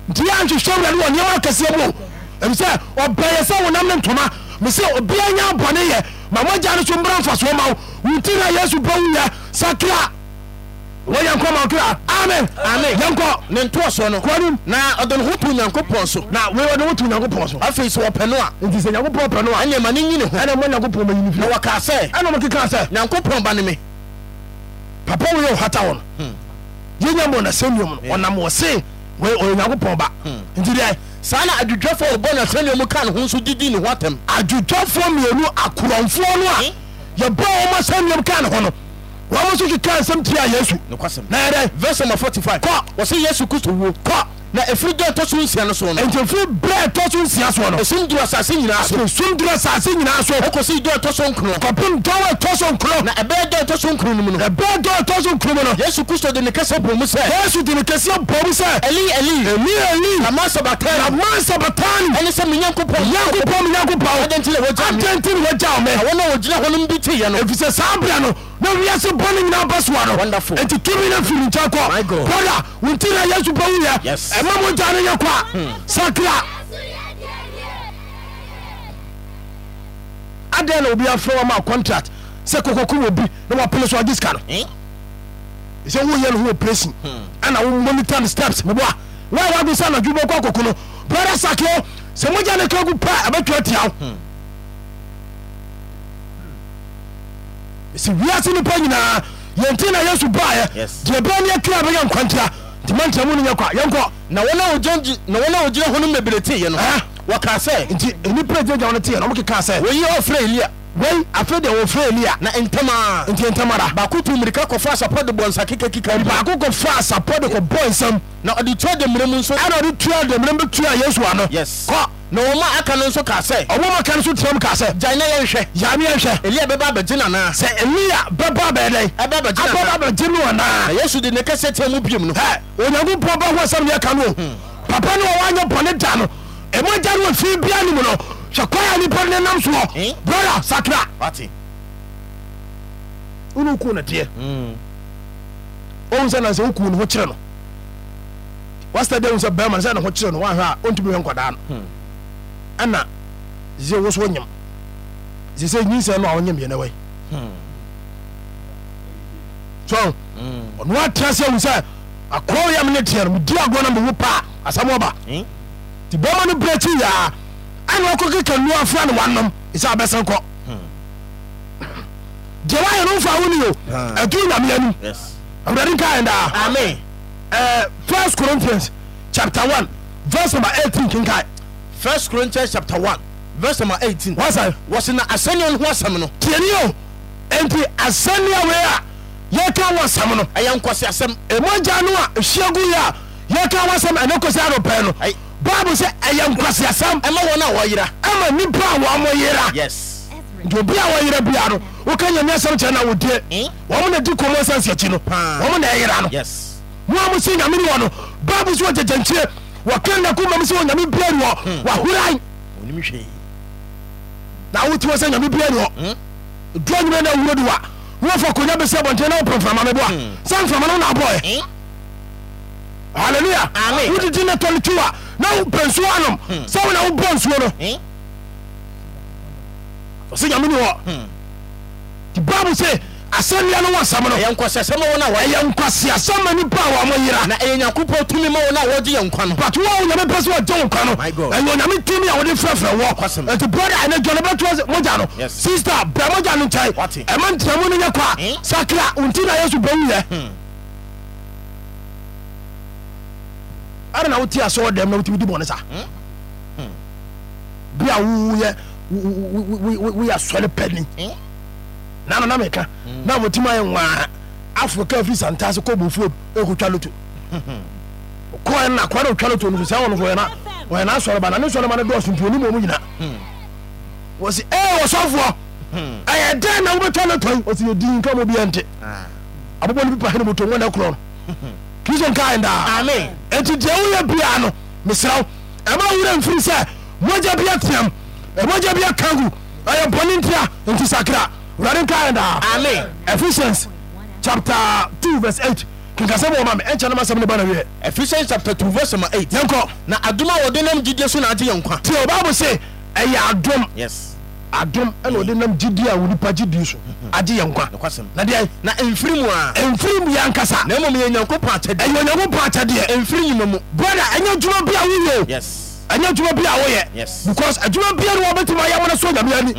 nti yɛ nhwehwɛ awurade wɔ nneɛma akɛseɛ mu ɛfisɛ ɔbɛyɛ sɛ wonam ne ntoma mesɛ obia nya abɔne yɛ ma moagya no so mmra mfasoɔ ma wo wo nti na yesu bɛwuyɛ sakra wọ́n yẹn kọ́ mọ̀ nkira. amen. amen yẹn kọ́. ne ntọ́ sọ no. kọ́ni. na ọdún ho tu nyanko pọ̀ so. na wọ́n yẹ ọdún ho tu nyanko pọ̀ so. afei sọ pẹ̀lú a. nti sẹ nyanko pọ̀ pẹ̀lú a. ẹnna ẹ̀ma ni nyini ho. ẹnna ẹ̀ma nyanko pọ̀ ma yini fi. na wà ká sẹ́. ẹnna ọmọ kíkà sẹ́. nyanko pọ̀ ba ni mi. papa wo yẹ ọ̀hata wọn. Hmm. yẹn nyẹ mọ na sẹ nìyẹn mu ọ̀nàm wọ sẹ ọ̀yẹ nyanko pọ̀ ba. Hmm. nti dẹ saa na adwudwafoɔ ɔbɔ na sɛnea mu kaa ne ho nso didi ne ho atɛm adwudwafoɔ mmienu akorɔmfoɔ no a hmm. yɛbɔ wɔn wọn mo nso keka nsɛm tia yesu na verse number forty five kɔ wɔsi yesu kristu wo kɔ na efiri dɔ ɛtɔ so nsia no so no ntɛnfiri bɛɛ ɛtɔ so nsia so no esum duro asase nyinaa so esum duro asase nyinaa so okosi dɔ ɛtɔ so nkono kɔpem dɔwɔ ɛtɔ so nkono na ɛbɛɛ dɔ ɛtɔ so nkono mu no ɛbɛɛ dɔ ɛtɔ so nkono mu no yesu kristu de ne kɛse bɔ mu sɛ yesu de ne kɛse bɔ mu sɛ eli eli eli eli lama sabatan lama sabatan ɛni sɛ mi nyanko pɔn nyanko pɔn mi nyanko pɔn adanti le wɔ gya mi adanti le wɔ no bi ti yɛ no no na wiase bɔne nyinaa bɛsoa no enti tumi no firi nkyɛ kɔ brɔda wo nti na yesu bɛwuyɛ ɛma mogya no yɛ kɔ a hmm. sakra adɛn na obi afrɛ wa ma contract sɛ kɔkɔko wɔ bi na wapele so agye sika no eh? sɛ woyɛ no ho operation ana hmm. wo monitor no steps meboa wa wago sɛ anadwo bɛkɔ akɔko no brɔda sakeo sɛ mogya no kagu pa ɛbɛtwa tia wo hmm. sɛ wiase nipa nyinaa yɛnti na yesu baɛ deɛ bɛɛ ne yɛkra bɛyɛ nkwantra nti mantra mu no nyɛ kwa yɛnkɔ na wɔn a wɔgyina ho no mɛbrɛ teeɛ no wɔkaa sɛ nti nipa nnipa gyinagya wo no teɛ no ɔmkekaa sɛ wɔyi ɔfrɛ elia wei afe deɛ wɔfrɛ elia na ntɛm a nti ntɛm ara baako tu mmirika kɔfɔ asapɔ de bɔ nsa kekakeka baako kɔfɔ asapɔ de kɔbɔ nsam na ɔde tua demmire mu nso ɛna ɔde tua demmire mu tua yesu ano kɔ na wɔn aka no nso kaa sɛ. ɔwɔ ma ka no nso tiram kaa sɛ. gyan na yɛnhwɛ. yaame yɛnhwɛ. eliya bɛba abɛgye nana. sɛ eliya bɛba abɛyɛ dɛ. ɛbɛ abɛgye nana abɛba abɛgye no wana. na yesu de ne kɛse tiɛ mu biem no. ɛ onyankopɔn bá wọn sɛm yɛ ka no. Hmm. papa ni wɔn anyɛ bɔnne da no ɛmu agya no fi bia ne mu no sɛ kɔya nipa ne nam soɔ. Hmm. broda sakra. wọnú kú ne teɛ. ohun hmm. sɛ nansi okun ne ho kyerɛ no. wasa de ohun sɛ bɛrɛ ma ne sɛ ne ho kyerɛ no wɔn ɛna sɛ woso nyam sɛ sɛ nyinsɛn no a wonyam yɛ na wai hmm. so hmm. ɔno atra sɛ wu sɛ akɔ yam ne teɛ no medi agoɔ na mewo paa asɛm ɔba hmm. nti bɛma no brɛkyi yaa ɛne ɔkɔ keka nnua fra ne wanom ɛsɛ abɛsen kɔ deɛ woayɛ no mfa wo ne yo ah. ɛto nyamea nu awurade nkaɛ daa eh, first corinthians chapter 1 verse number 18 kenkae first corinthians chapter one verse number eighteen. wasa wɔsi na asɛnniya ho asɛm no. tiɛni o nti asɛnniya wei a yɛka ho asɛm no. ɛyɛ nkwasi asɛm. emogya no a ehyiagu yi a yɛka ho asɛm ɛne kwasi adopɛn no. baabu sɛ ɛyɛ nkwasi asɛm. ɛma wɔn a wɔyera. ɛma nipa a wɔn mo yera. yes. nti obi a wɔyera bia no woka nyame asɛm kyerɛ na wodie. wɔn na di kɔmɔ sɛnsɛkyi no. wɔn na ɛyera no. yes. wɔn a mo si nyame ni wɔn no baabu sɛ wɔgyegyɛ wɔkenda ko mam sɛ wɔ nyame bia hmm? ni hɔ wahoran na wote wɔ sɛ nyame bia ni hɔ dua nwuma no awuro do a wofa konya bɛsi abɔnten na wopɛ mframa me boa hmm. sɛ mframa no wonaabɔɛ hmm? halleluya wodidi ne tɔle tu a na wopɛ nsuo anom sɛ wona wobɔ nsuo no ɔsɛ nyame ni hɔ nti bible sɛ asɛnnua no wɔ asɛm no ɛyɛ nkwasiasɛm ma wɔn a wɔyɛ ɛyɛ nkwasiasɛm ma nipa a wɔn yera na ɛyɛ nyankopɔn tumi ma wɔn a wɔgye yɛn no but wɔn a onyame pɛ sɛ wɔgye wɔn no God. ɛyɛ onyame tumi a wɔde frɛfrɛ wɔ nti brɔda ɛnɛ jɔn bɛ to mogya no Yes. sista bɛn mogya no What? nkyɛn ɛma ntiramu no yɛ kɔ a hmm? sakra nti na yesu bɛn yɛ ara hmm. na wote asɔrɔ dɛm na wotumi di bɔne sa hmm? bia woyɛ woyɛ asɔre pɛni Hmm? nanu na meka mm. na motimi ayɛ nwaa afro ka firi santase kɔ bofuom ɛkɔtwa e loto kɔɛ na kɔɛ na ɔtwa loto no so sɛ wɔno so ɔyɛna ɔyɛna asɔreba na ne sɔreba no dɔɔso ntuoni ma ɔmu nyina wɔsi ɛɛ wɔsɔfoɔ ɛyɛ dɛn na wobɛtwa loto yi wɔsi yɛ din ka mu bi ɛnte abobɔ no pipa hene moto wɔn ɛkorɔ no kristo nka ayɛ daa eti deɛ woyɛ bia no mesrɛw ɛma wura mfiri sɛ mogya bi ateam e, mogya bi ɛyɛ e, bɔne ntia nti sakra wurade nka yɛ amen ephesians chapter two verse eight kinkasɛm wɔ ma mi ɛnkyɛn nama sɛm ne ba na wiɛ. ephesians chapter two verse ma eight. yɛn kɔ. na adum a wɔde nam jide so na agye yɛn nkwa. ti o baabu se ɛyɛ adum. yes. adum ɛna wɔde nam jide a wɔnipa jide so mhm. agye yɛn nkwa. na deɛ. na nfiri mu a. nfiri mu yɛ nkasa. na emu yɛ nyanko pɔn akyɛdeɛ. ɛyɛ nyanko pɔn akyɛdeɛ. nfiri nyuma mu. broda ɛnyɛ juma bi a wuyɛ yes. ɛnyɛ juma bi a wuyɛ. yes. because juma bi a ni wɔn bɛ tuma yamuna so nyamia ni.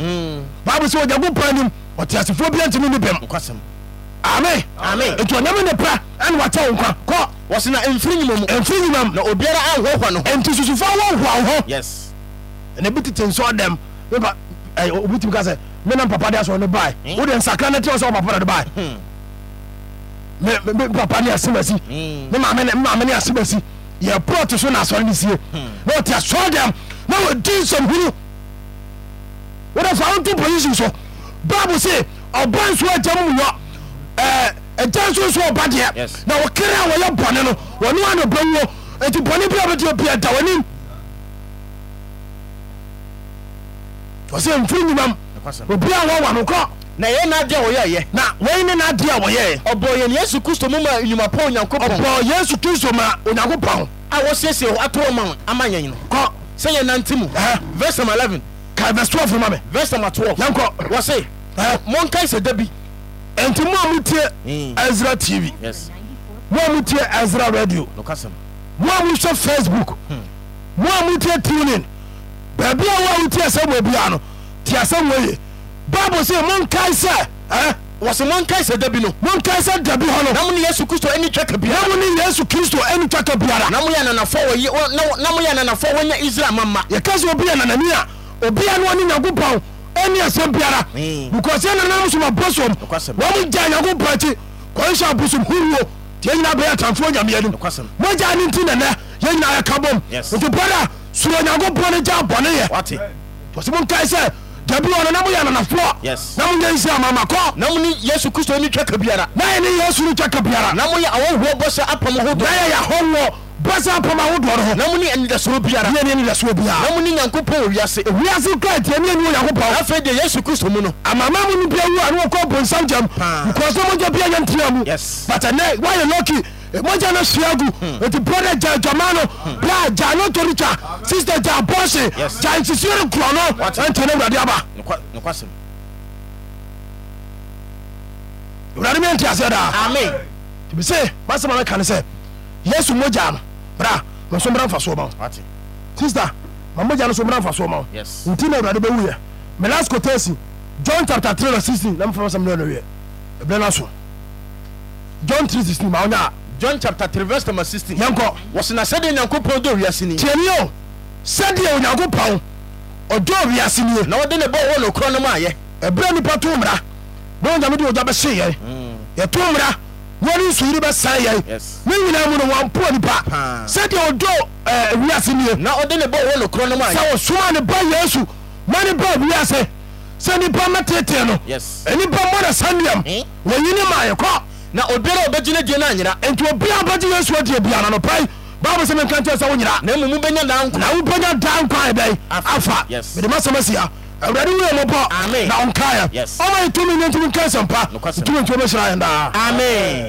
baabu se o anim ɔte asefoɔ bia ntimi ne bɛm ame nti ɔnyame ne pra ane wakyɛ wo nkwa kɔ wɔsena mfiri nyima mu mfiri nyima mu na obiara anhoahoa no ho nti susufoɔ wɔhoa wo ho yes na bi tete nsɔ dɛm meba obi timi ka sɛ menam papa de asɔ ne bae hmm. wode nsakra no teɛ sɛ wɔpapa de bae hmm. papa ne asemasi hmm. memame ne asemasi yɛporɔ to so na asɔre ne sie na ɔte asɔ dɛm na wɔdi nsɛmhunu wode fa wo nto position so bible sɛ ɔba nso agya mu wɔ ɛgya nso nso ɔba deɛ na wɔkere a wɔyɛ bɔne no wɔne a na bɛwuo enti bɔne bi a bɛdeɛ bia da w'anim ɔsɛ mfiri nyimam obi a wɔwa no kɔ na ɛyɛ n'adeɛ a wɔyɛɛyɛ na wɔyi ne n'adeɛ a wɔyɛɛ ɔbɔ yɛn yesu kristo mu ma nnwumapɔ onyankopɔn ɔbɔ yesu kristo ma onyankopɔn a wɔsiesie hɔ ato wɔn ama yɛn no kɔ sɛ yɛn nante mu verse number ka verse twelve ma mi. verse number twelve. yankɔ. wɔsi. Eh? mɔnka ɛsɛ dabi. nti mu a mu tie hmm. Ezra TV. yes. mu a mu tie Ezra radio. mu a mu sɛ Facebook. Hmm. mu a mu tie tunin. baabi a wo a wo tie eh? asɛm wɔ bi ano tie asɛm wɔ yie. bible sɛ mɔnka ɛsɛ. ɛɛ wɔsi mo nka ɛsɛ dabi no. mo nka dabi hɔ no. na ni yesu kristo ɛni twɛka biara. na mo ni yesu kristo ɛni twɛka biara. na mo yɛ ananafɔ wɔ yi na mo yɛ ananafɔ wɔ nyɛ israel ma ma. yɛ kɛse obi yɛ nanani a. obia no ɔne nyankopɔn ɛne asɛm biara because ɛna nam som abosom wɔm gya nyankopɔn akyi kɔnhyɛ abosom huruo nti ɛnyina bɛyɛ atamfoɔ nyameɛ no mogya ne nti nɛnɛ yɛnyina yɛka bom nti brada suro nyankopɔn no gya bɔneyɛ ɔsɛ monkae sɛ dabi ɔno na moyɛ ananafoɔ na moyɛ nsi amamakɔ na mone yesu kristo ne twaka biara na yɛne yesu no twaka biara na moyɛ awɔhoɔ bɔ sɛ apam ho na yɛyɛ ahɔhoɔ bɛsɛ apam ahodoɔ no ho na mu biara ne ne anidasoro biara na mu ne nyankopɔn wiase wiase kra tie ne ne onyankopɔn afei deɛ yesu kristo mu no amama mu no bia wu a ne wɔkɔ bonsam gyam nkɔsɛ mogya bia nyɛ ntea mu but ɛnɛ woayɛ lɔki mɔgya no sua gu hmm. nti brɔda gya adwama no bra gya no tɔre twa sister gya abɔhye gya nsisuo no korɔ no aba awurade meɛnte aseɛ daa nti me se masɛma meka ne sɛ yesu mogya no bra ma so mmra mfa soɔ ma wo sister ma mogya no so mmra mfa soɔ ma wo nti na awurade bɛwuyɛ me last quotation john chapter 3 na 16 na mfa sɛm no awiɛ ɛbrɛ no aso john 3 16 ma wonyɛ john chapter 3 verse number 16 yɛnkɔ wɔse na sɛdeɛ nyankopɔn dɔ wiase ni tiani o sɛdeɛ onyankopɔn ɔdɔ wiase nie na wɔde ne bɔ wɔ nokorɔ no mu ayɛ ɛberɛ nipa to mmara bɛ onyame de ogya bɛhyee yɛn mm. yɛto mmara wɔne nsuyiri bɛsan yɛn ne nyinaa mu no wɔmpoa nipa sɛdeɛ ɔdɔ wiase nie na ɔde ne bɔ wɔ nokorɔ no ma sɛ ɔsoma ne ba yesu ma ne ba wiase sɛ nipa mɛtetee no nipa mmɔda sa nnuam wɔyi ne ma yɛkɔ na obiara ɔbɛgyina die no anyera enti obiara bɛgye yesu adie biara no pai baabu sɛ menka nkyɛ sɛ wo nyera na mmom wobɛnya daa nkwa na wobɛnya daa nkwa ɛbɛn afa mede masɛm asia awurade wuyɛ mɔbɔ na ɔnkaɛ ɔma yɛ ne ntumi nka sɛmpa tumi ntumi bɛhyira yɛn daa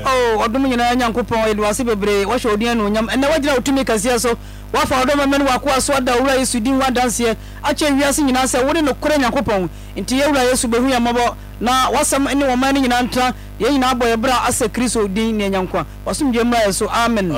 oh, ɔdom nyinaa nyankopɔn yɛde wase bebree wɔhyɛ ɔdin anuonyam ɛnɛ woagyina wotumi kɛseɛ so wafa ɔdɔ mɛmɛ no wakoa so ada wura yesu din wadanseɛ akyɛ wiase nyinaa sɛ wode nokorɛ nyankopɔn nti yɛwura yesu bɛhu yɛ mmɔbɔ na wasɛm ne wɔma no nyinaa ntena yɛn nyinaa bɔ yɛ berɛ asɛ kristo din ne anyankwa wasomdwe mmra yɛ so amen